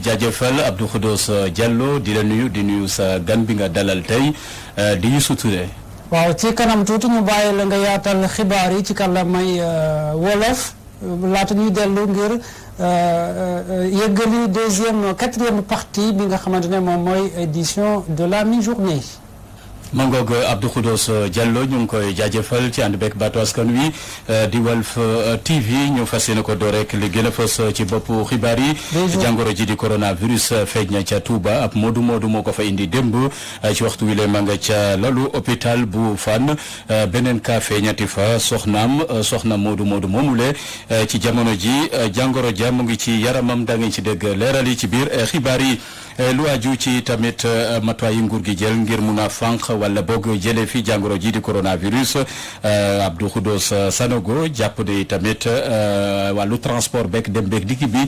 di jaajëfal Abdou Khoudous euh, di la nuyu di nuyu sa gan bi nga dalal tey euh, di Youssou Touré. waaw ci kanam tuuti ñu bàyyi la nga yaatal xibaar yi ci kàllaamay euh, wolof laata ñuy dellu ngir yëggali deuxième quatrième partie bi nga xamante ne moom mooy édition de la mi journée. mangoog euh, Abdou Khoudoss euh, Diallo ñu ngi koy jaajëfal ci ànd beeg baatu askan wi euh, di Walf TV ñu fas yéene ko door rek li gën a fës ci boppu xibaar yi. jàngoro ji di coronavirus feeñ na ca Touba ab moodu moodu moo ko fa indi démb ci waxtu wi lay nga ca lalu hôpital bu Fann beneen ka feeñati fa soxnaam soxna moodu moodu moomule ci jamono ji jàngoro ja mu ngi ci yaramam da ngeen ci dégg leeral yi ci biir xibaar yi. Eh, lu aju ci tamit eh, matuwaay yi nguur gi jël ngir mun a fànq wala boog jëlee fi jàngoro ji di korona coronavirus eh, Abdou Khoudos Sanogo jàpp yi tamit wàllu transport beeg dem beeg dikki bi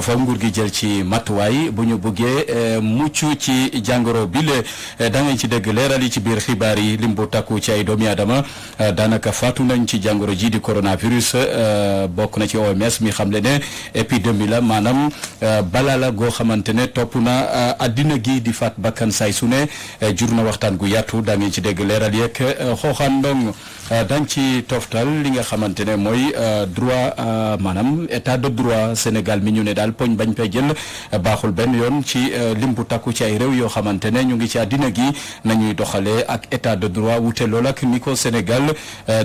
foog nguur gi jël ci matuwaay bu ñu buggee mucc ci jàngoro bi le da ngeen ci dëgg leeral yi ci biir xibaar yi lim bu takku ci ay doomi aadama daanaka faatu nañ ci jàngoro ji di coronavirus bokk na ci OMS mi xam ne épidémie la maanaam balaa la goo xamante ne topp na. Euh, addina gi di faat bakkan saay su ne eh, jur na waxtaan gu yaatu daa ngeen ci dégg leeral yeeg eh, xooxaan ndong eh, dañ ci toftal li nga xamante ne mooy droit maanaam état de droit Sénégal mi ñu ne daal poñ bañ fay jël baaxul benn yoon ci lim bu takku ci ay réew yoo xamante ne ñu ngi ci addina gi nañuy doxalee ak état de droit wute lool ak ni ko Sénégal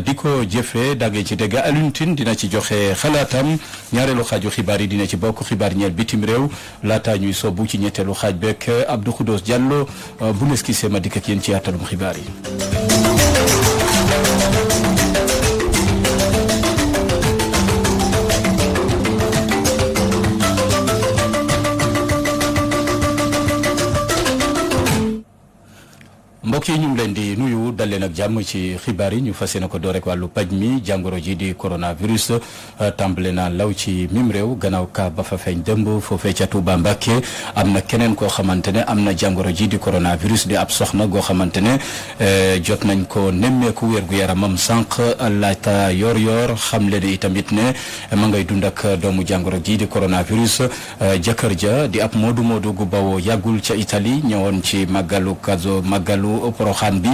di ko jëfee daa ci dégg Alioune dina ci joxe xalaatam ñaareelu xaaju xibaar yi dina ci bokk xibaar ñeel réew wàllu xaaj beeg Abdou Khoudous Diallo euh, bu nees ki ma dikk ak yéen ci yaatalum xibaar yi. dal leen ak jàmm ci xibaar yi ñu fas yéene ko door rek wàllu paj mi jàngoro ji di virus euh, tàmbale naa law ci mim réew gannaaw ka ba fa feeñ dëmb foofee ca Touba Mbacké am na keneen koo xamante ne am na jàngoro ji di virus di ab soxna goo xamante ne euh, jot nañ ko nemmeeku wér gu am sànq laata yor yor xam leen itamit ne ma ngay dund ak doomu jàngoro ji di korona virus euh, jëkkër ja di ab moodu moodu gu bawoo yàggul ca itali ñëwoon ci màggalu kazo màggalu Poroxaan bi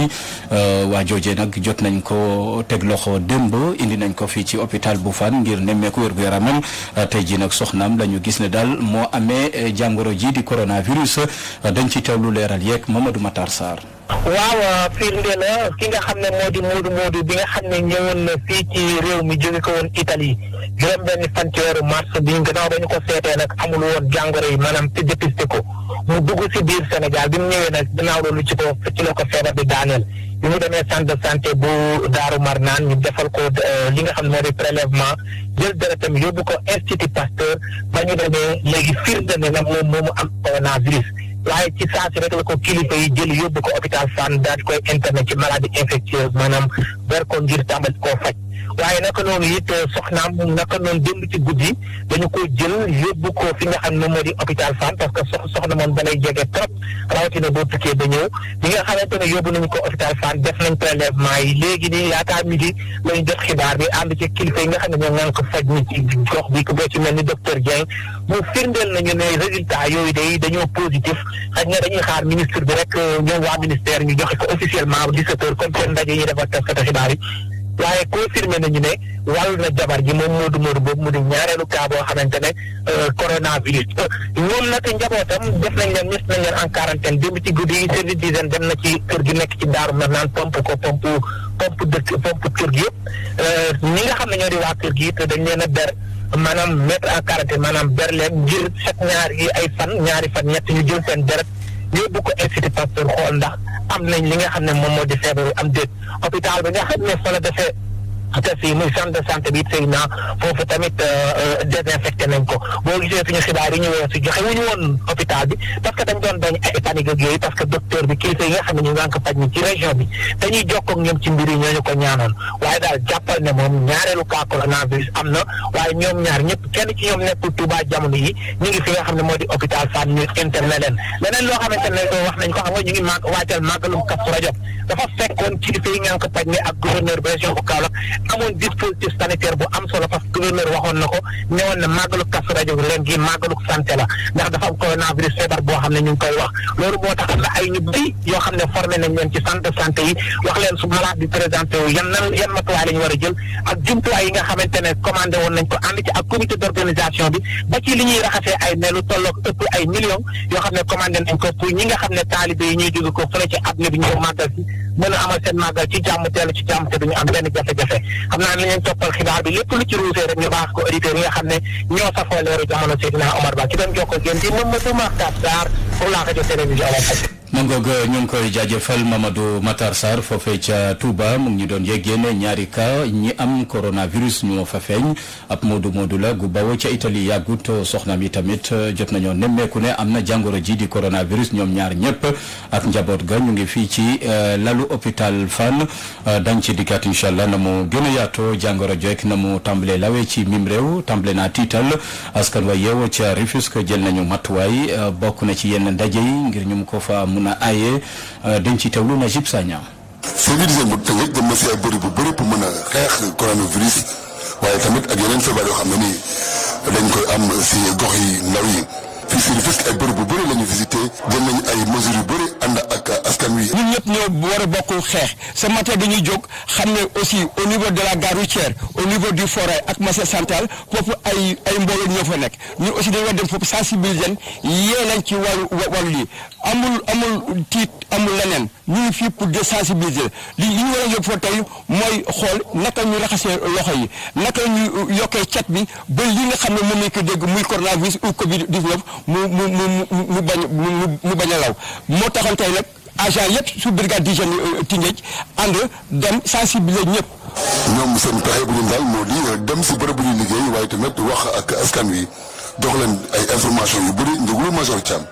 Euh, waa jooje nag jot nañ ko teg loxo démb indi nañ ko fii ci hôpital bu Fann ngir nemmeeku wér gu yaramam euh, tey jii nag soxnaam la ñu gis ne daal moo amee euh, jàngoro ji di coronavirus dañ ci teewlu leeral yeeg Mamadou Matar Sarr. waaw firnde ki nga xam ne moo di Moodu Moodu bi nga xam ne ñëwoon na fii ci rew mi jóge ko woon Italie juróom benn fan ci mars bi gannaaw ba ñu ko seetee nag amul woon jàngoro yi maanaam te dépisté ko. mu dugg si biir Sénégal bi mu ñëwee nag ginnaaw loolu ci ko ci la ko feebar bi daaneel bi mu demee centre santé bu Daaru naan ñu defal ko euh, li nga xam ne mooy prélèvement jël deretam yóbbu ko institut Pasteur ba ñu demee léegi firnde ne nag moom moomu am coronavirus waaye ci saa rek ko kilifa yi jël yóbbu ko hôpital Fann daal di koy internet ci maladie infectieuse maanaam ber ko ngir tàmbali koo faj. waaye naka noonu it euh, soxnaam naka noonu démb ci guddi dañu ko jël yóbbu ko fi nga xam ne moo di hôpital Fann parce que sox soxna moom da lay jege trop rawatina boo tukkee ba ñëw bi nga xamante ne yóbbu nañu ko hôpital Fann def nañ prélèvement yi léegi nii laataa midi lañu def xibaar bi ànd ci kilifa yi nga xam ne ñoom ñoo ko faj ni ci gox bi ku ci mel ni docteur Dieng mu firndeel nañu ne résultat yooyu day dañoo positif xaj na dañuy xaar ministre bi rek euh, ñoom waa ministère ñu joxe ko officiellement bu 17 heures comme seen ndaje ñu defal taskatu xibaar yi waaye confirmé nañu ne wàllu na jabar ji moom moo Modou Modou boobu mu di ñaareelu cas boo xamante ne euh, coronavirus ñoom nag njabootam def nañ leen mis nañ leen en quarantaine démb ci guddi yi service d'hygiène dem na ci kër gi nekk ci daaru mar naan pompe ko pompe pompe dëkk pompe kër gi yëpp euh, ñi nga xam ne ñoo di waa kër gi te dañ leen a ber maanaam mettre en quarantaine maanaam ber leen ngir chaque ñaar yi ay fan ñaari fan ñett ñu jël seen deret yóbbu ko institut Pasteur xool ndax am nañ li nga xam ne moom moo di feebar am déet hôpital bi nga ne fa la defee te fii muy centre de santé bi it na foofu tamit euh, euh, désinfecté nañ ko boo gisee suñu xibaar yi ñu weesu joxe wuñu woon hôpital bi parce que dañ doon bañ ay panique parce que docteur bi kilifa yi nga xam ne ñu ngànk paj mi ci région bi dañuy jokkook ñoom ci mbir yi ñooñu ko ñaanoon waaye daal jàppal ne am na waaye ñoom ñaar ñëpp kenn ci ñoom nekkul Touba jamono yi ñu ngi fi nga xam ne moo di hôpital Fann ñu interne leen leneen loo xamante ne doo wax nañ ko xam nga ñu ngi màgg waajal màggalum Kazu Rajab dafa fekkoon kilifa yi ngànk paj mi ak gouverneur bu région amoon dispositif sanitaire bu am solo parce que gouverneur waxoon na ko ñëwoon na màggalu Kazu Rajab leen gi màggalu santé la ndax dafa am coronavirus feebar boo xam ne ñu ngi koy wax loolu moo tax am na ay ñu bëri yoo xam ne formé nañ leen ci centre santé yi wax leen su malade bi présenté wu yan nan yan matuwaay la ñu war a jël ak jumtuwaay yi nga xamante ne commandé woon nañ ko ànd ci ak comité d'organisation bi ba ci li ñuy raxasee ay ne lu ëpp ay millions yoo xam ne commandé ñi nga xam ne taalibe yi ñuy ko fële ci àdduna jàmm teelu ci jàmm te duñu am benn xam naa ne leen toppal xibaar bi lépp lu ci ruusee rek baax ko auditeurs yi nga xam ne ñoo safoo leeru jamono Seydina Omar Ba ki doon ak yéen di Mamadou Makhtar Sarr pour la radio mangoog uh, ñu ngi koy jaajëfal Mamadou Matar Sarr foofee ca Touba mu ngi ñu doon yeggeene ñaari ka ñi am coronavirus ñoo fa feeñ ab moodu moodu la gu bawoo ca Italie yàggut soxnaam yi tamit uh, jot nañoo nemmeeku ne am na jàngoro jii di coronavirus ñoom ñaar ñëpp ak njaboot ga ñu ngi fii ci uh, lalu hopital Fann dañ ci dikkaat incha allah na mu gën a jàngoro jooju na mu tàmbalee lawee ci mim réew tàmbale naa tiital askan wa yeewoo ca Rufisque jël nañu matuwaay bokk na ci yenn ndaje ngir mun a aaye euh, dañ ci teewlu na si Sagna. sensibiliser bu tënk dem na si ay bërëb bu bëri pour mën a xeex coronavirus waaye tamit ak yeneen feebar yoo xam ne nii dañ koy am si gox yi ndaw yi. fii si Rufisque ay bu bëri la ñu visité jël nañu ay mesures yu bëri ànd ak askan wi. ñun ñëpp ñoo war a bokk xeex ce matin dañuy jóg xam ne aussi au niveau de la gare routière au niveau du forêt ak marché central foofu ay ay mbooloo ñoo fa nekk ñun aussi dañu war dem foofu sensibiliser yee leen ci wàllu wàllu lii amul amul tiit amul leneen ñu ngi fii pour de sensibiliser li li ñu war a yóbbu tey mooy xool naka ñu raxasee loxo yi naka ñu yokkee cat bi ba li nga xam ne moom lañ ko dégg muy coronavirus ou Covid 19 mu mu mu bañ mu bañ a moo taxoon tey nag agent yëpp su brigade d'hygiène euh, Tëngéej ànd dem sensibiliser ñëpp. ñoom seen pexe bu ñu daal moo di euh, dem si bërëb bu ñu liggéey waaye tamit wax ak askan wi dox leen ay information yu bëri njëglu major Thiam.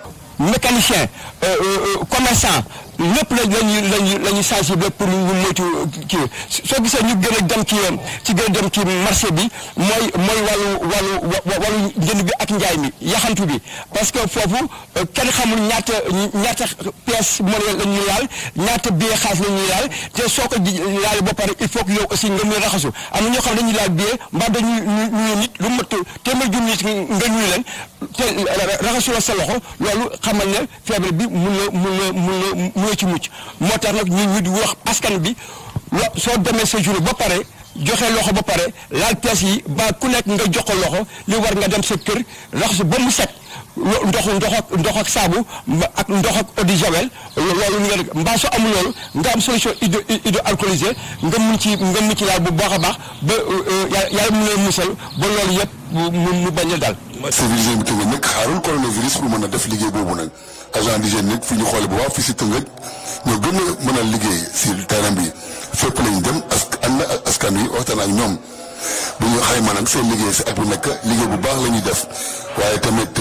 mécanicien euh, euh, euh, commerçant lépp lañ lañu lañu la ñu sensible pour ñu moytu kii soo gisee ñu gën a dem ci ci gën a dem ci marché bi mooy mooy wàllu wàllu njënd bi ak njaay mi yaxantu bi parce que foofu euh, kenn xamul ñaata ñaata pièce monnaie la ñuy laal ñaata billet xaalis la ñuy laal te soo ko laal ba pare il faut que yow aussi nga muy raxasu am na ñoo xam dañuy laal billet mbaa dañuy ñuy nit lu mat téeméer junni nit nga ñuy leen te raxasu la sa loxo loolu xamal ne feebar bi mun na mun na mun doo ci mucc moo tax nag ñu ñu di wax askan bi lo soo demee sa jour ba pare joxe loxo ba pare laal tees yi ba ku nekk nga jox ko loxo li war nga dem sa kër raxasu ba mu set. ndox ndox ak ndox ak saabu ak ndox ak eau de javel loolu nga rek mbaa soo amul loolu nga am solution hydro hydroalcoolisée nga mun ci nga mun ci laal bu baax a baax ba euh, euh, yàlla mun leen musal ba loolu yëpp mu mu bañ a dal. civilisé bu Tëngéej nag xaarul coronavirus pour mën a def liggéey boobu nag agent d'hygiène nag fi ñu xoolee bu baax fi si Tëngéej ñoo gën a mën a liggéey si terrain bi fépp lañ dem ask ànd ak askan wi waxtaan ak ñoom. bu ñu xayma nag seen liggéey si at bu nekk liggéey bu baax la ñuy def waaye tamit.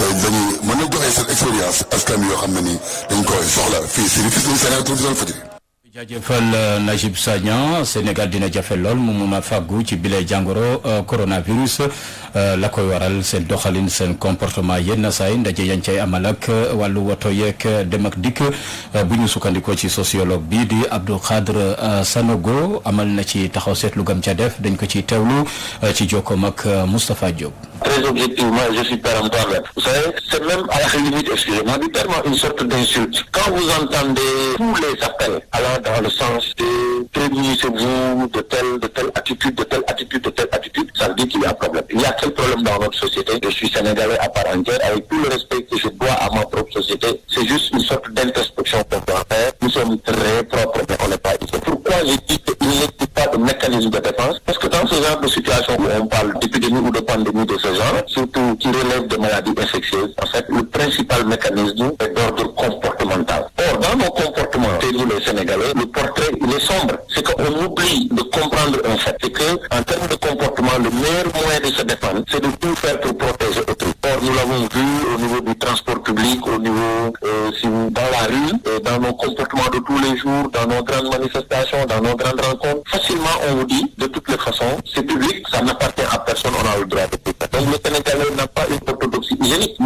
Euh, dañuy mën na joxe seen expérience askan yoo xam ne ni dañ koy soxla fii si Rufisque dañu Sénégal Télévision Fajri. jaajëfal euh, Najib Sagna Sénégal dina jafe lool mu mun a fàggu ci bile jàngoro euh, coronavirus Euh, la koy waral seen doxalin seen comportement yenn saa yi ndaje yañ cay amal ak euh, wàllu woto yeeg euh, dem dikk bu ñu sukkandikoo ci sociologue bi di Abdou Khadre Sanogo amal na ci taxaw seetlu gam ca def dañ ko ciy teewlu ci jokkoom ak Moustapha Diop. très objectivement je suis péremptoire vous savez c'est même à la limite excusez-moi du terme une sorte d'insulte quand vous entendez tous les appels allant dans le sens de prémunissez-vous de telle de a problème a quel problème dans notre société. Je suis sénégalais à part entière, avec tout le respect que je dois à ma propre société. C'est juste une sorte d'introspection qu'on doit faire. Pourquoi j'ai dit qu'il n'existe pas de mécanisme de défense Parce que dans ce genre de situation où on parle d'épidémie ou de pandémie de ce genre, surtout qui relève de maladies infectieuses, en fait, le principal mécanisme est d'ordre comportemental. Or, dans nos comportements, comprendre un fait, c'est que en termes de comportement, le meilleur moyen de se défendre, c'est de tout faire pour protéger autrui. nous l'avons vu au niveau du transport public, au niveau euh, dans la rue, euh, dans nos comportements de tous les jours, dans nos grandes manifestations, dans nos grandes rencontres. Facilement, on vous dit, de toutes les façons, c'est public, ça n'appartient à personne, on a le droit de tout Donc le Sénégalais n'a pas une orthodoxie hygiénique.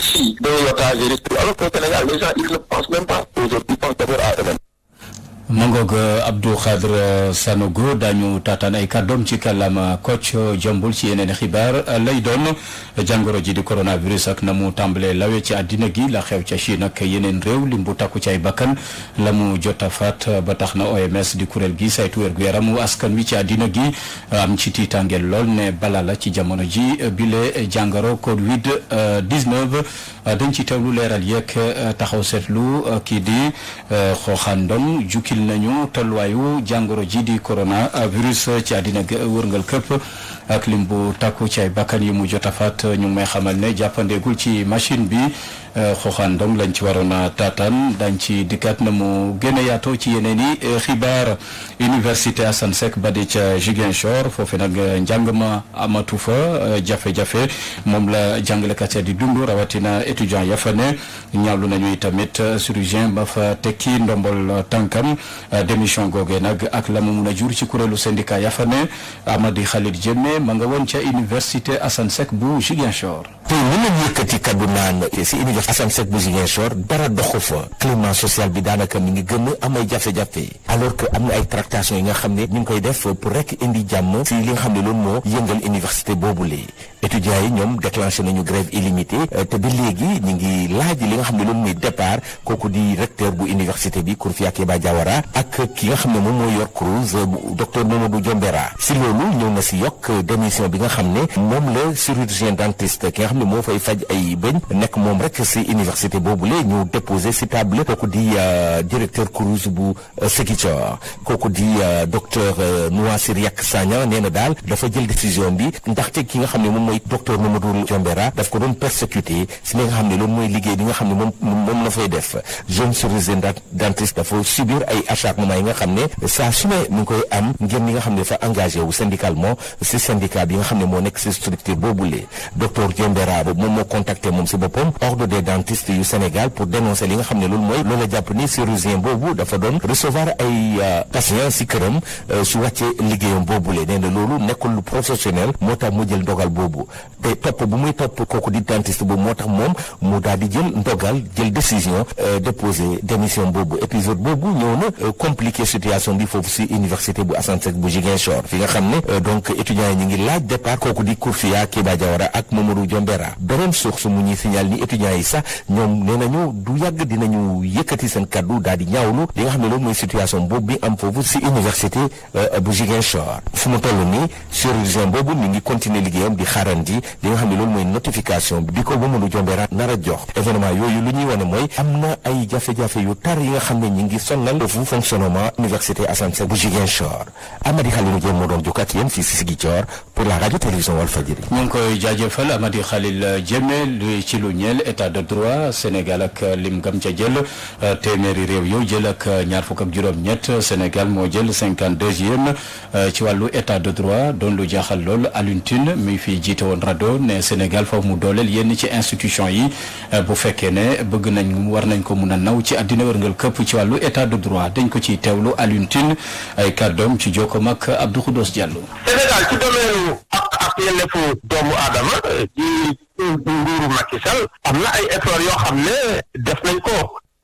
ici de l'otagerie. Alors qu'au Sénégal, les gens, ils ne pensent même mangoog euh, Abdou Khadre euh, Sanogo daañu tataan ay kàddoom ci kàllaama Kocc jombul ci yeneen xibaar euh, lay doon jàngoro ji di coronavirus ak na mu tàmbalee lawe ci àddina gi la xew ca Chine ak yeneen réew lim bu takku ci ay bakkan la mu jot a faat ba tax na OMS di kuréel gi saytu wér yaram yaramu askan wi ci àddina gi am ci tiitaangeel lool ne bala ci jamono ji bile jàngoro Covid 19. Euh, dañ ci lu leeral yeeg euh, taxaw lu euh, kii di xooxaan ndong jukkil nañu tolluwaayu jàngoro ji di corona virus ci àddina wërngal këpp ak lim bu takku ci bàkkan yi mu jot a faat ñu may xamal ne jàppandeegul ci machine bi. xooxaandam lañ ci waroon a taataan dañ ci dikkaat na mu gën a yaatoo ci yeneen i eh, xibaar université Assane Seck ba di ca Ziguinchor foofu nag eh, njàng ma amatu fa eh, jafe-jafe moom la jàngalekat ya di dund rawatina étudiant ya fa ne ñaawlu nañu tamit chirurgien ba fa tekki ndombol tànkam démission googee nag ak la mu mun a jur ci kuréelu syndicat ya fa ne Amady Khalid Diémé ma nga woon ca université Assane Seck bu Ziguinchor. tey mën nañu yëkkati kaddu naan si université bu Ziguinchor dara doxu fa climat social bi daanaka mi ngi gën a am ay jafe-jafe alors que am na ay tractations yi nga xam ne ñu ngi koy def pour rek indi jàmm si li nga xam ne loolu moo yëngal université boobu lee étudiants yi ñoom déclenché nañu grève illimité euh, te ba léegi ñu ngi laaj li nga xam ne loolu muy départ kooku di recteur bu université bi Kourfia Keba Diawara ak ki nga xam ne moom moo yor Cruz euh, bu docteur Mamadou Diombéra si loolu ñëw bi nga xam ne moom la chirurgien dentiste ki ne moo fay faj ay bëñ nekk moom rek si université boobule ñu déposé si table kooku di euh, directeur CROUS bu euh, Ziguinchor kooku di euh, docteur Nouassir Yak Sagna nee na daal dafa jël décision bi ndax te ki nga xam ne moom mooy docteur Mamadou Diombéra daf ko doon persécuté si li nga xam ne liggéey bi nga xam ne moom moom la fay def jeune chirurgien dentiste dafa subir ay acharnement yi nga xam ne saa su mu ngi koy am ngir ñi nga xam ne dafa engagé wu syndicalement si syndicat bi nga xam ne moo nekk si boobu boobule docteur Diombéra Darabo moom moo contacté moom si boppam ordre des dentistes yu Sénégal pour dénoncer li nga xam ne loolu mooy loola jàpp ni chirurgien boobu dafa doon recevoir ay euh, patients si këram euh, su wàccee liggéeyam boobule nee na loolu nekkul professionnel moo tax mu jël ndogal boobu te topp bu muy topp kooku di dentiste boobu moo tax moom mu daal jël ndogal jël décision euh, déposer démission boobu épisode boobu ñëw na compliqué situation bi foofu si université choléra beneen source mu ñuy signal ni étudiants yi sax ñoom nee nañu du yàgg dinañu yëkkati seen kaddu daal di ñaawlu li nga xam ne loolu mooy situation boobu bi am foofu si université euh, bu Ziguinchor fu mu toll nii chirurgien boobu mi ngi continuer liggéeyam di xaarandi li nga xam ne loolu mooy notification bi ko Mamadou Diombéra nar a jox événement yooyu lu ñuy wane mooy am na ay jafe-jafe yu tar yi nga xam ne ñi ngi sonnal foofu fonctionnement université la radio Khalil Diémé lu ci lu ñeel état de droit Sénégal ak lim gam ca jël téeméeri réew yow jël ak ñaar fukk ak juróom-ñett Sénégal moo jël cinquante deuxième ci wàllu état de droit doon lu jaaxal lool Alioune Tine mi fi jiite woon rajo ne Sénégal foofu mu dooleel yenn ci institution yi bu fekkee ne bëgg nañ mu war nañ ko mun a naw ci àddina wërngal këpp ci wàllu état de droit dañ ko ciy teewlu Alioune Tine ay kàddoom ci jokkoom ak Abdou Khoudoss Diallo. yelleefu doomu aadama euh, di nguuru Macky Sall am na ay effort yoo xam ne def nañ ko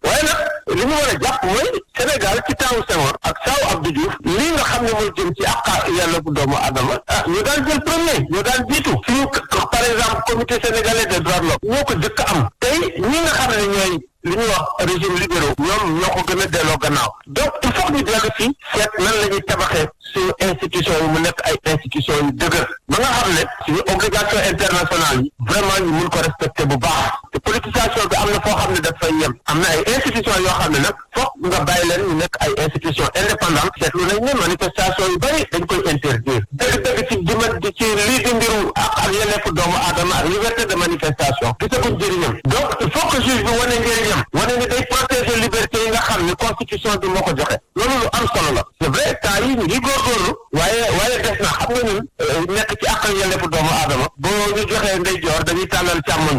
waaye li mu war a jàpp mooy Sénégal ci taawu Senghor ak saawu Abdou Diouf lii nga xam ne mooy jëm ci àq yelleefu doomu adama ah ñu premier ñu jiitu suñu exemple comité sénégalais des droits de l'homme ñoo ko jëkk am tey ñi nga xam ne ñooy li ñuy wax régime libéraux ñoom ñoo ko gën a delloo gannaaw donc il faut ñu dellu si seet nan la ñuy tabaxee suñu institution yi mu nekk ay institution yu dëgër ba nga xam ne suñu obligation internationale yi vraiment ñu mun ko respecté bu baax te politisation bi am na foo xam ne daf fay yem am na ay institution yoo xam ne nag foog nga bàyyi leen ñu nekk ay institution indépendante yu bëri dañ koy interdire ak ak yelleefu doomu aadama ak liberté de manifestation gisaguñ njëriñam donc il faut que juge bi wane njëriñam wane ne day protéger liberté yi nga xam ne constitution bi moo ko joxe loolu lu am solo la c'est vrai temps yi waaye waaye des na xam nga ñun euh, nekk ci ak ak yelleefu doomu aadama boo ñu joxee ndeyjoor dañuy tàllal càmmoñ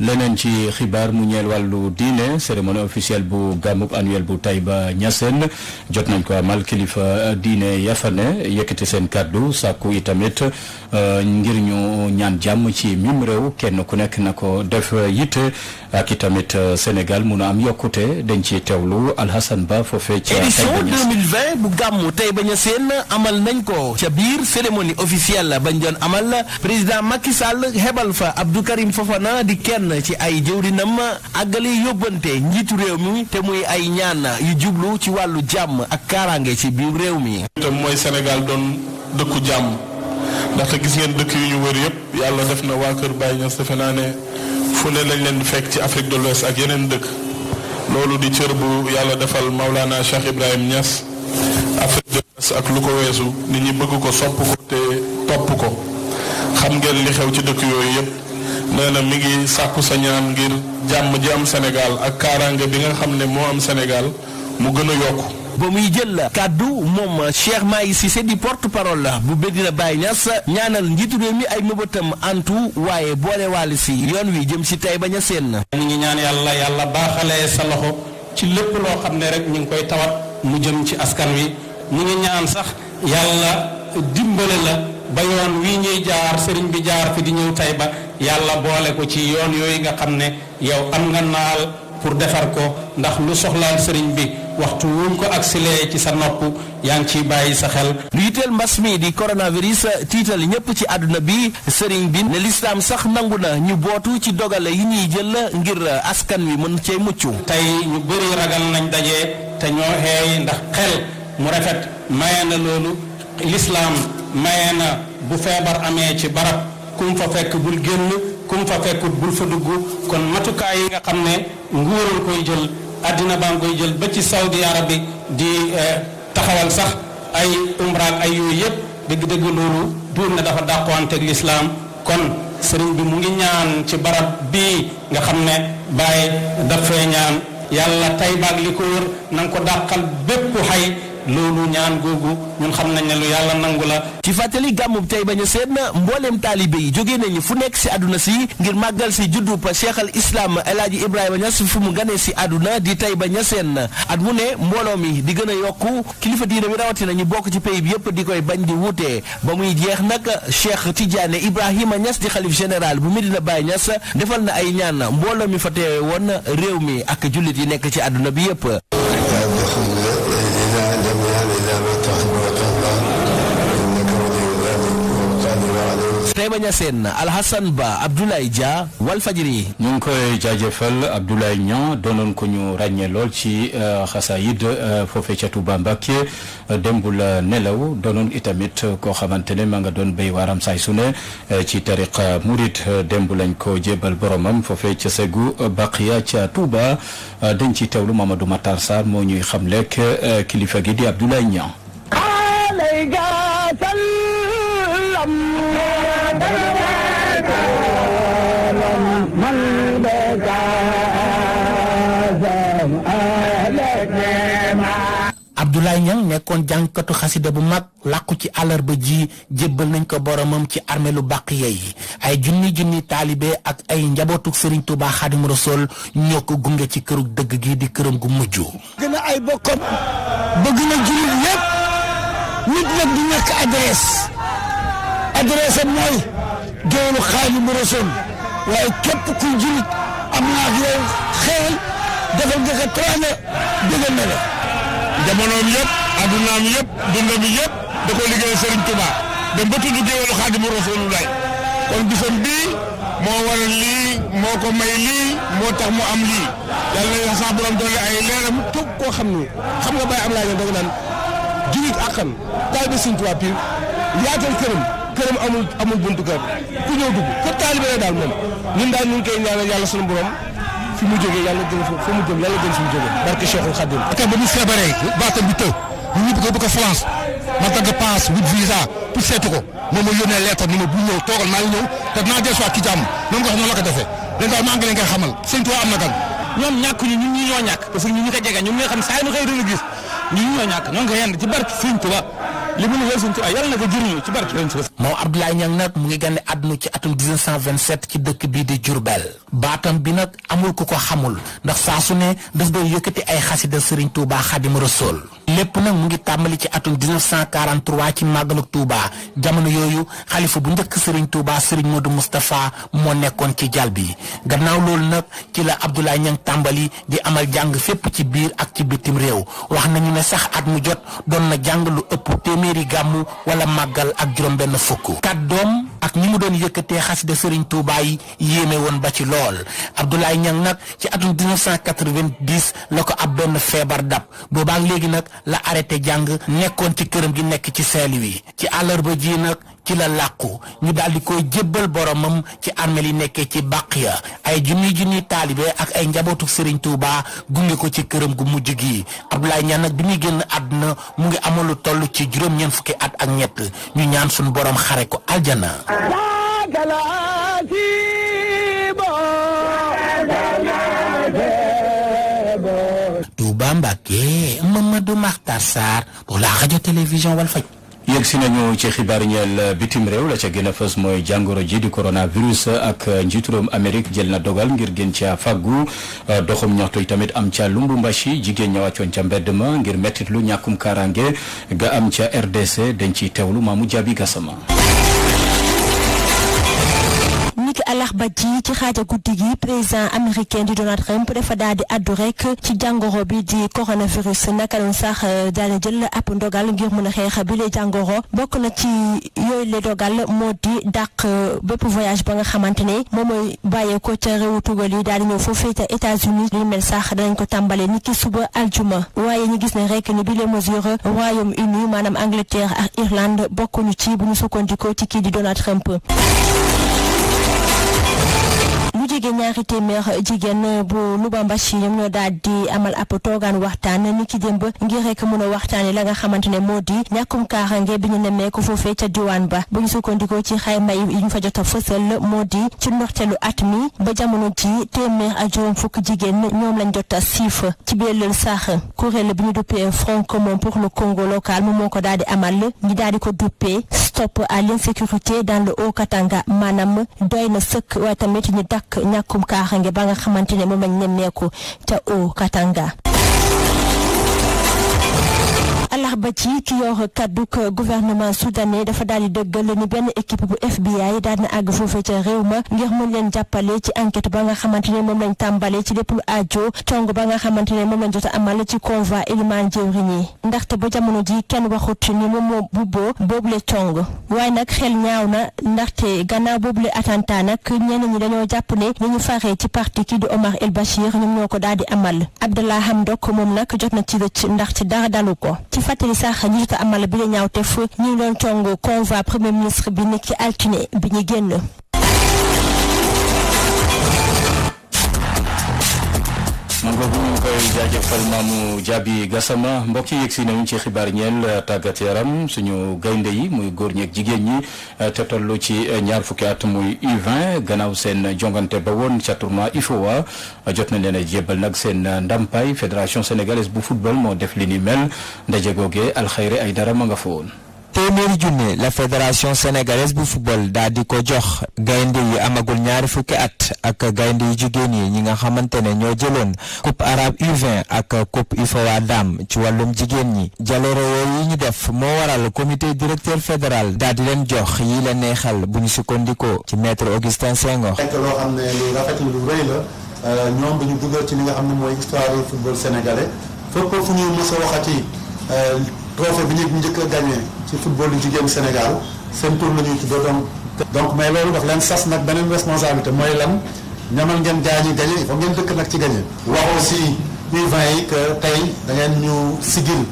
leneen ci xibaar mu ñeel wàllu diine cérémonie officielle bu gàmmub annuel bu Taïba Niassène jot nañ ko al kilifa diine yafane yëkkati seen kàddu sàkku itamit euh, ngir ñu ñaan jàmm ci mim réew kenn ku nekk na ko def yitte ak itamit euh, Sénégal mun am yokkute dañ ci teewlu Alhassane Ba foofee ca bu gàmmu Taïba Niassène amal nañ ko ca biir cérémonie officielle bañ doon amal président Macky Sall hebal fa Abdou Karim Fofana di kenn na ci ay jëwrinam àggale yóbbante njiitu réew mi te muy ay ñaan yu jublu ci wàllu jàmm ak kaaraange ci biir réew mi. itam mooy senegal doon dëkku jàmm ndaxte gis ngeen dëkk yu ñu wër yëpp yàlla def na waa Kër Baye Niass naa ne fu ne leen di fekk ci Afrique de ak yeneen dëkk loolu di cër bu yàlla defal Maulana Cheikh Ibrahim Niass Afrique de l'Ouest ak lu ko weesu nit ñi bëgg ko sopp ko te topp ko xam ngeen li xew ci dëkk yooyu yëpp. nee na mi ngi sàkku sa ñaan ngir jàmm ji am Sénégal ak kaaraange bi nga xam ne moo am Sénégal mu gën a yokk ba muy jël kàddu moom Cheikh Mahi Cissé di porte parole bu la bàyyi ña sa ñaanal njiitu réew mi ay tam antu waaye boole boolewaale si yoon wi jëm si tey bañ a seen ñu ngi ñaan yàlla yàlla baaxalee sa loxo ci lépp loo xam ne rek ñu ngi koy tawat mu jëm ci askan wi ñu ngi ñaan sax yàlla dimbale la ba yoon wi ñuy jaar sëriñ bi jaar fi di ñëw tay ba yàlla boole ko ci yoon yooyu nga xam ne yow am nga naal pour defar ko ndax lu soxlaal sëriñ bi waxtu wuñ ko agsilee ci sa nopp yaa ngi ciy bàyyi sa xel. lu yitteel mbas mi di coronavirus tiital ñëpp ci àdduna bi sëriñ bi ne lislaam sax nangu na ñu bootu ci dogale yi ñuy jël ngir askan wi mën cee mucc. tey ñu bëri ragal nañ daje te ñoo xeey ndax xel mu rafet maye na loolu. lislaam maye na bu feebar amee ci barab kum fa fekk bul génn kum fa fekkut bul fa dugg kon matukaay yi nga xam ne nguural koy jël àddina baa ngi koy jël ba ci Saudi Arabie di eh, taxawal sax ay umraak ay yooyu yëpp dëgg-dëgg loolu duur ne dafa dàqoanteeg lislaam kon sëriñ bi mu ngi ñaan ci barab bii nga xam ne Baye daf fee ñaan yàlla tay baag li ko wër na ko dàqal bépp xay loolu ñaan googu ñun xam nañ ne lu yàlla nangu la. ci fàttali gàmmub tey bañ a seet na mbooleem taalibe yi jóge nañu fu nekk si àdduna si ngir màggal si juddu pa Cheikh al Islam El Hadj Ibrahima Niass fu mu ganee si àdduna di tey bañ a seen at mu ne mbooloo mi di gën a yokku kilifa diine bi rawatina ñu bokk ci pays bi yëpp di koy bañ di wuute ba muy jeex nag Cheikh Tidiane Ibrahima ñas di xalif général bu Medina Baye Niass defal na ay ñaan mbooloo mi fa teewe woon réew mi ak jullit yi nekk ci àdduna bi yëpp. Taïba Niassène Alhassane Ba Abdoulaye Dia Walfadjri ñu ngi koy jaajëfal Abdoulaye Niang doonoon ko ñu ràññee lool ci euh, xasaayid euh, foofe ca Touba Mbacké euh, dembul nelaw doonoon itamit koo xamante ne maa nga doon béy waaram saay sune ci tariqa murit démb lañ ko jébal boromam foofe ca segu Baqiya ca Touba dañ ci teewlu Mamadou Matar Sarr moo ñuy xam lekk kilifa gi di Abdoulaye Niang Abdoulaye Niang nekkoon jàngkatu xasida bu mag làqu ci àllarba ji jébbal nañ ko boromam ci armeelu lu yey yi ay junni junni taalibe ak ay njabootuk Serigne Touba Xaadimu Rasuul ñoo ko gunge ci këru dëgg gi di këram gu mujj. bëgg ay bokkam bëgg na jullit yépp nit nag du ñàkk adresse. adresse am mooy géwélu Xaadimu Rasuul waaye képp ku julit am naa ak yow xéewal defal nga ko teraanga dëggal na la. jamonoom yëpp addunaam yëpp dundam yëpp da ko liggéeyal Serigne Touba dem ba tudd géwélu Xaadimu Rasuul lay kon gisam bii moo waral lii moo ko may lii moo tax mu am lii yàlla na sax borom doole ay leeram toog koo xam ni xam nga Baye Abdoulaye Niass da nga naan julit àqam taal bi Serigne Touba pire yaatal këram. këram amul amul kër ku ñëw dugg ko taalibe la daal moom ñun daal ñu ngi koy ñaanal sunu borom fi mu jógee yàlla gën fa mu jëm yàlla gën fi mu barke France ma tagg passe wut visa pour seetu ko moom ma yónnee lettre ni bu ñëw toogal maa ñëw te naa dellusiwaat ci jàmm moom nga xam la ko defee dañ daal maa ngi leen xamal sëñ am na gan ñoom ñàkk ñu ñun ñi ñoo ñàkk parce que ñu ñu ko jege ñun nga xam saa yi ñu xëy gis ñun ñoo ñàkk ñoo ngi ko li mu liggéey Sëriñ Tuubaa yàlla na ko jëriñoo ci barke Sëriñ Tuubaa moom Abdoulaye Niang nag mu ngi gane àdduna ci bi nag amul ku ko xamul ndax saa su ne daf doon yëkkati ay xasida Sëriñ Tuubaa Xaadimu Rasuul lépp nag mu ngi tàmbali ci atum 1943 ci màggalu Touba jamono yooyu xalifa bu njëkk Serigne Touba Serigne Modou Moustapha moo nekkoon ci jal bi gannaaw loolu nag ci la Abdoulaye Niang tàmbali di amal jàng fépp ci biir ak ci bitim réew wax nañu ne sax at jot doon na jàng lu ëpp téeméer téeméeri gàmmu wala màggal ak juróom-benn fukk doom ak ñi mu doon yëkkatee xasida Serigne Touba yi yéeme woon ba ci lool Abdoulaye Niang nag ci atum 1990 la ko ab benn feebar dab boobaak léegi nag la arrêté jàng nekkoon ci këram gi nekk ci Saint-Louis ci àllarba ji nag ci la làqu ñu daldi koy jébbal boromam ci armeel yi nekkee ci bàq ya ay junniy junniy taalibe ak ay njabootu Serigne Touba gunge ko ci këram gu mujj gi laa Niane nag bi muy génn àdduna mu ngi amoon lu toll ci juróom-ñeent fukki at ak ñett ñu ñaan suñu borom xare ko aljana Touba Mbacké Mamadou Makhtar Sarr pour la radio télévision Walfadjri yëg si nañu ci xibaar ñeel euh, bitim réew la ca gën a mooy jàngoro ji di korona coronavirus ak euh, njiitu réewum Amérique jël na dogal ngir gën caa fàggu euh, doxum ñaxtu tamit am ca Lubumbashi jigéen ña wàccoon ca mbedd ma ngir mettit lu ñàkkum kaaraange ga am ca RDC dañ ciy teewlu Mamou Diaby Gassama àllarba ji ci xaaja guddi gi président américain di Donald Trump dafa daal di addu ci jàngoro bi di coronavirus naka noonu sax euh, daal di jël ab ndogal ngir mën a xeex bi le jàngoro bokk na ci yooyu le dogal moo di dàq euh, bépp voyage ba nga xamante ne moom mooy bàyyeekoo ca réewu tugal yi daal di ñëw foofee ca États-Unis li mel sax danañ ko tàmbale ni ki suba aljuma waaye ñu gis ne rek ni bi les mesures Royaume-Uni maanaam Angleterre ak Irlande bokkuñu ci bu ñu sukkandikoo ci kii di Donald léegi ñaari téeméer jigéen bu Lubumbashi ñoom ñoo daal di amal ab toogaan waxtaan ni ki démb ngir rek mën a waxtaanee la nga xamante ne moo di ñàkkum kaarange bi ñu nemmeeku foofee ca diwaan ba bu ñu sukkandikoo ci xayma yi ñu fa jot a fësal moo di ci ndorteelu at mi ba jamono ji téeméer a juróom fukk jigéen ñoom lañ jot a siif ci biir sax kuréel bi ñu duppee Front commun pour le Congo local moom moo ko daal di amal ñu daal di ko duppee stop à l'insécurité dans le Haut Katanga maanaam doy na ñàkkum kaaxange ba nga xamante ne moom lañ nemmeeku ca o Katanga àllarba ci ki yor kàdduk gouvernement soudanais dafa daal di dëggal ni benn équipe bu FBI daal na àgg foofe ca réew ma ngir mën leen jàppale ci enquête ba nga xamante ne moom lañ tàmbale ci lépp lu aajo cong ba nga xamante ne moom lañ jot a amal ci convoi ilimaan jëwriñ yi ndaxte ba jamono ji kenn waxut ni moom moo bubboo boobule cong waaye nag xel ñaaw na ndaxte gannaaw boobule attentat nag ñenn ñi dañoo jàpp ne ñu ñu faree ci parti ki di Omar El Bachir ñoom ñoo ko daal di amal Abdallah Hamdok moom nag jot na ci rëcc ndax ci dara dalu ko fàttali sax ñi ko amal bi la ñaawteef ñu ngi doon cong convoi premier ministre bi nekk altine bi ñu génn. moom boobu ñu ngi koy jaajëfal maamu Diaby Gassama mbokk yi si nañu ci xibaar ñeel euh, tàggat yaram suñu gaynde yi muy góor ñeek jigéen ñi euh, te toll ci euh, ñaar fukki at muy u gannaaw seen jongante ba woon ca tournoi IFOA jot na leen a jébal nag seen ndampaay fédération sénégalaise bu football moo def li ni mel ndaje googe Alxayri ay dara ma nga fa woon. téeméeri junne la fédération sénégalaise bu football daal di ko jox gaynde yi amagul ñaari fukki at ak gaynde yu jigéen yi ñi nga xamante ne ñoo jëloon coupe arabe U20 ak coupe UFOA dam ci wàllum jigéen ñi jaloore yooyu ñu def moo waral comité directeur fédéral daal di leen jox yi la neexal bu ñu sukkandikoo ci maître Augustin Senghor. nekk loo xam ne lu rafet lu rëy la euh, ci li nga xam ne fu ñuy mos a waxati. Euh, trophée bi ñu njëkk a gagné ci football yu jigéen Sénégal seen tour la ñuy tuddee donc. donc mais loolu daf leen sas nag beneen responsabilité mooy lan ñamal ngeen gaa ñi gagné il faut ngeen dëkk nag ci gagné. wax si U20 yi que tey da ngeen ñu sigil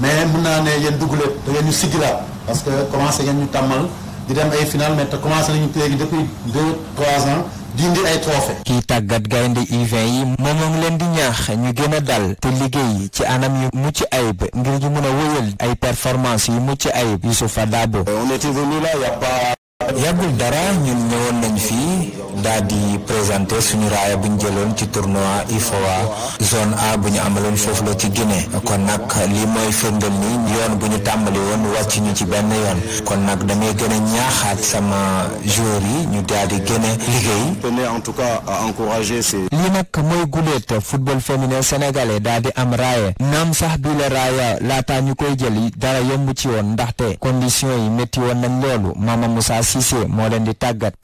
mais mun naa ne yéen dugg da ngeen ñu sigilaat parce que commencé ngeen ñu tàmmal di dem ay final mais te commencé nañu léegi depuis 2 3 ans. dindi ay kii tàggat gaynde u yi moom moo ngi leen di ñaax ñu gën a dal te liggéey ci anam yu mucc ayib ngir ñu mën a wéyal ay performance yu mucc ayib Youssoufa Dabo euh, on était venu a pas dara ñun ñëwoon nañ fii daal di présenté suñu raaya bu ñu jëloon ci tournoi IFOA zone A bu ñu amaloon foofu la ci Guinée kon nag lii mooy firndeel ni yoon bu ñu tàmbali woon wàcc ñu ci benn yoon kon nag damay gën a ñaaxaat sama joueur yi ñu daal di gën a liggéey. en tout cas à encourager ces. lii nag mooy guleet football féminin sénégalais daal di am raaya naam sax bii la raaya laataa ñu koy jël dara yomb ci woon ndaxte conditions yi métti woon nañ loolu Mama Moussa Cissé moo leen di tàggat.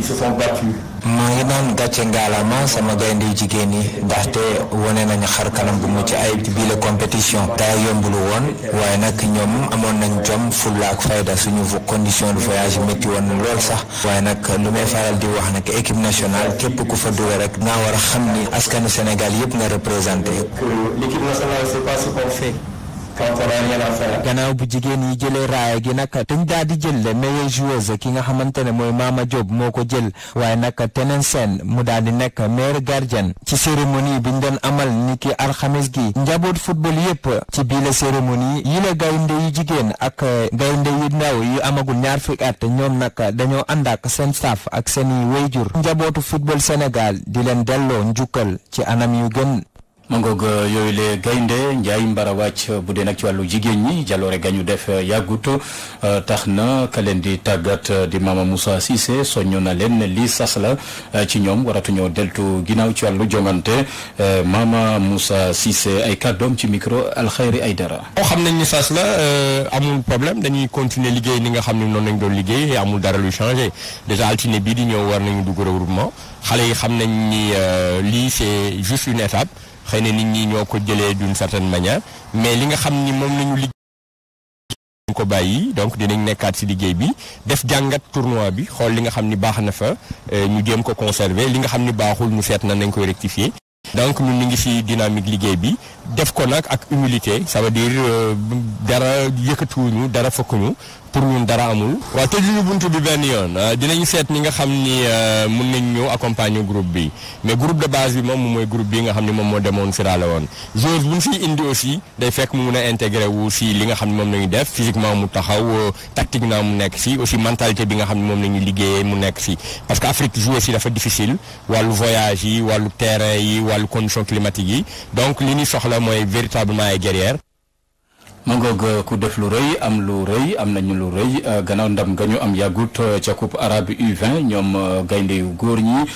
qui maa ngi naan gàcce ngaalaama sama gaynde yu jigéen yi ndaxte wane nañu xar kanam bu mu ci ay bile compétition daa yombulu woon waaye nag ñoom amoon nañ jom fulla ak fayda suñu condition de voyage métti woon lool sax waaye nag lu may faral di wax nag équipe nationale képp ku fa dugal rek naa war a xam ni askanu Sénégal yëpp nga représenté. l'équipe gannaaw bu jigéen yi jëlee raaya gi nag dañ daal di jël meilleure joueuse ki nga xamante ne mooy Mama Diop moo ko jël waaye nag teneen seen mu daal di nekk meilleur gardien ci cérémonie bi ñu doon amal ni ki alxames gi njaboot football yépp ci bii la cérémonie yi la gaynde yu jigéen ak eh, gaynde yu ndaw yu amagul ñaar fukki at ñoom nag dañoo ànd ak seen staff ak seen weyjur njabootu football Sénégal di leen delloo njukkal ci anam yu gën ma euh, yooyu le gaynde Ndiaye Mbara wàcc bu dee nag ci wàllu jigéen ñi jaloore gañu def euh, yàggut euh, tax na ka leen di tàggat di Mama Moussa Cissé soññu na leen lii sas la ci ñoom waratuñoo deltu ginnaaw ci wàllu jongante maama musa Cissé ay kàddoom ci micro ay dara boo xam nañ ni sas la amul problème dañuy continuer liggéey ni nga xam ne noonu lañ doon liggéey amul dara lu changé déjà altine bii di ñëw war nañu dugg regroupement xale yi xam nañ ni lii c'est juste une xëy nit ñi ñoo ko jëlee d'une certaine manière mais li nga xam ni moom la ñu liggéey ko bàyyi donc dinañ nekkaat ci liggéey bi def jàngat tournoi bi xool li nga xam ni baax na fa euh, ñu jéem ko conserver li nga xam ni baaxul ñu seet na nañ koy rectifier donc ñun ñu ngi ci dynamique liggéey bi def ko nag ak humilité ça veut dire euh, dara yëkkatuwuñu dara fëkkuñu pour ñun dara amul. waaw tëjuñu buntu bi benn yoon euh, dinañ seet ñi nga xam ni euh, mun nañ ñëw accompagner groupe bi mais groupe de base bi moom mooy groupe bi nga xam ni moom moo demoon Sierra Leone joueurs bu ñu fiy indi aussi day fekk mu mun a intégré wu si li nga xam ni moom nañu def physiquement mu taxaw euh, tactiquement mu nekk si aussi mentalité bi nga xam ni moom nañu ñu mu nekk si parce que Afrique jouer si dafa difficile wàllu voyage yi wàllu terrain yi wàllu condition climatique yi donc li ñu soxla mooy véritablement ay ma euh, ku def lu rëy am lu rëy am nañu lu rëy euh, gannaaw ndam nga ñu am yàggut euh, ca coupe arabe U20 ñoom gaynde yu góor ñi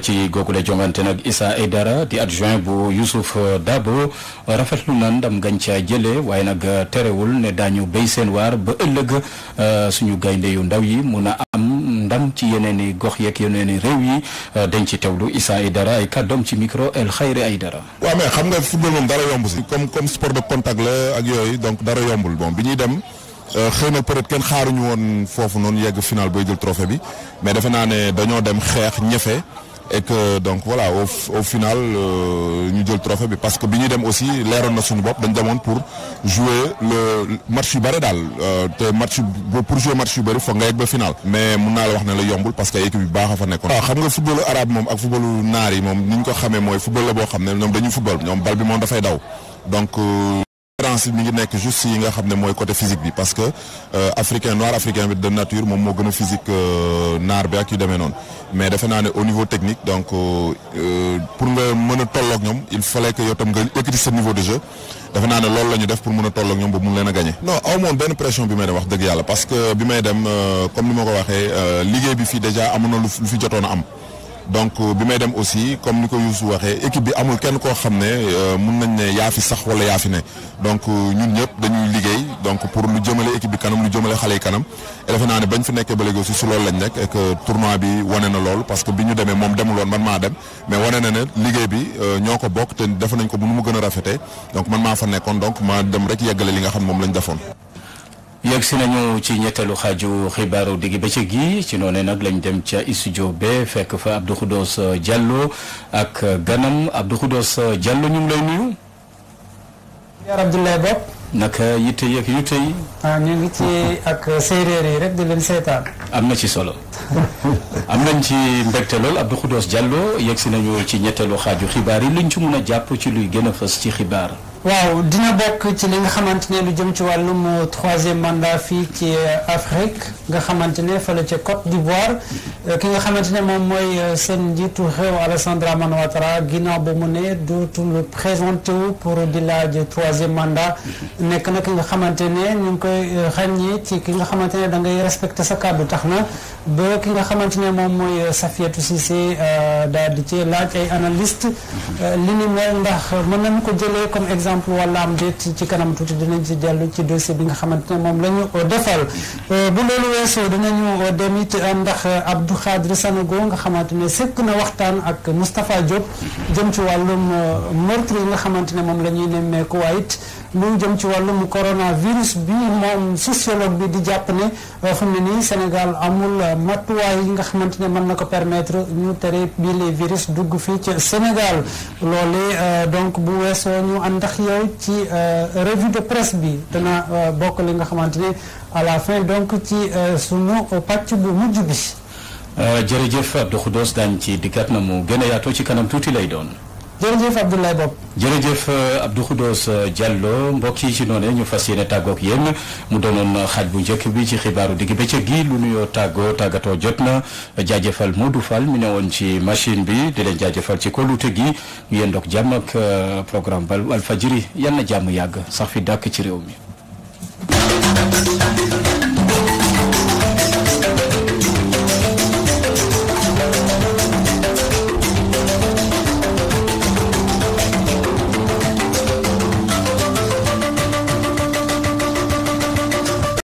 ci googule jongante nag Issa Aidara di adjoint bu Youssouf Dabo rafetlu na ndam ngañ ca jëlee waaye nag terewul ne daañu béy seen waar ba ëllëg suñu gaynde yu ndaw yi mun a am. ndam ci yeneen gox yeeg yeneen réew yi euh, dañ ci teewlu Issa Aidara ay kàddoom ci micro El Khayri Aidara. waaw mais xam nga football moom dara yomb si. comme comme sport de contact la ak yooyu donc dara yombul bon bi ñuy dem. Euh, xëy na peut-être kenn xaaruñu woon foofu noonu yegg final bay jël trophée bi mais defe naa ne dañoo dem xeex ñefe et que donc voilà au, au final euh, ñu jël trophée bi parce que bi ñuy dem aussi leeroon na suñu bopp dañ demoon pour jouer le match yu bëri daal euh, te match pour jouer match yu bëri foog nga yegg ba final. mais mun naa la wax ne la yombul parce que équipe yu baax a fa nekkoon. Ah, xam nga footballu arabe moom ak footballu naar yi moom ni ñu ko xamee mooy football la boo xam ne ñoom dañuy football ñoom bal bi moom dafay daw donc. Euh, différence bi mi ngi nekk juste yi nga xam ne mooy côté physique bi parce que euh, africain noir africain bi de nature moom moo gën physique euh, naar bi ak yu demee noonu mais defe naa au niveau technique donc euh, pour nga mën a ñoom il fallait que yow tam nga yëkkati sa niveau de jeu defe naa ne loolu def pour mën a ñoom ba mun leen a gagné. non aw moon benn pression bi may dem wax dëgg yàlla parce que bi may dem comme ni ma ko waxee liggéey bi fii déjà amoon donc euh, bi may dem aussi comme ni ko Youssou waxee équipe bi amul kenn koo xam ne euh, mun nañ ne yaa fi sax wala yaa fi ne donc euh, ñun ñëpp dañuy liggéey donc pour lu jëmale équipe bi kanam lu jëmale xale yi kanam et defe naa ne bañ fi nekkee ba léegi aussi su loolu lañ nekk et que bi wane na lool parce que bi ñu demee moom demuloon man maa dem mais wane na ne liggéey bi ñoo ko bokk te def nañ ko bu nu mu gën a rafetee donc man maa fa nekkoon donc ma dem rek yeggale li xam moom lañ defoon. yegg si nañu ci ñetteelu xaaju xibaaru digg bëccëg gii ci noonu nag lañ dem ca studio be fekk fa Abdou Khoudoss Diallo ak ganam Abdou Khoudoss Diallo ñu ngi lay nuyu. yaar Abdoulaye Bob. naka yitte yeeg yitte yi. Ah, ñu ngi ak séeréer yi rek di leen seetaan. am na ci solo am nañ ci mbégte lool Abdou Khoudoss Diallo yegg si nañu ci ñetteelu xaaju xibaar yi liñ ci mun a jàpp ci luy gën a fës ci xibaar. waaw dina bekk ci li nga xamante ne lu jëm ci wàllum troisième mandat fii ci euh, Afrique nga xamante ne fële ca Côte d'Ivoire euh, ki nga xamante ne moom mooy euh, seen njiitu réew Alassane Dramane Ouattara ginnaaw ba mu ne dootul présenté pour di laaj troisième nekk na ki nga xamante ne ñu ngi koy xàññee ci ki nga xamante ne da ngay respecté sa kàddu tax na ba ki nga xamante ne moom mooy Safiatou Cissé daal di ci laaj ay analyste li ni mel ndax mën nañu ko jëlee comme exemple. exemple wala am déet ci kanam tuuti dinañ ci dellu ci dossier bi nga xamante ne moom la ñu euh, defal euh, bu loolu weesoo dinañu euh, dem it ndax Abdou Khadre Sanogo nga xamante ne sëkk na waxtaan ak Moustapha Diop mm-hmm. jëm ci wàllum meurtre yi nga xamante ne moom la ñuy nemmeeku waaye it lu jëm ci wàllum coronavirus bi moom sociologue bi di jàpp ne euh, xam ne nii Sénégal amul euh, matuwaay yi nga xamante ne mën na ko permettre ñu tere bi les virus dugg fii ci Sénégal loole euh, donc bu weesoo ñu ànd ndax yow ci revue de press bi dana bokk li nga xamante ne à la fin donc ci sunu pàcc bu mujj bi. jërëjëf Abdou Khoudoss daañu ci dikkat na mu gën a yaatoo ci kanam tuuti lay doon. jërëjëf Abdoulaye Bob. jërëjëf euh, Abdou Khoudoss euh, Diallo mbokk yi ci noonu ñu fas yéene tàggoog yéen mu doonoon euh, xaaj bu njëkk bi ci xibaaru digg bëccëg gi lu nuyoo tàggoo tàggatoo jot na jaajëfal Modou Fall mu ne woon ci machine bi di leen jaajëfal ci kóolute gi ñu yéen jàmm ak programme Walfadjri yal na jàmm yàgg sax fi dàkk ci réew mi.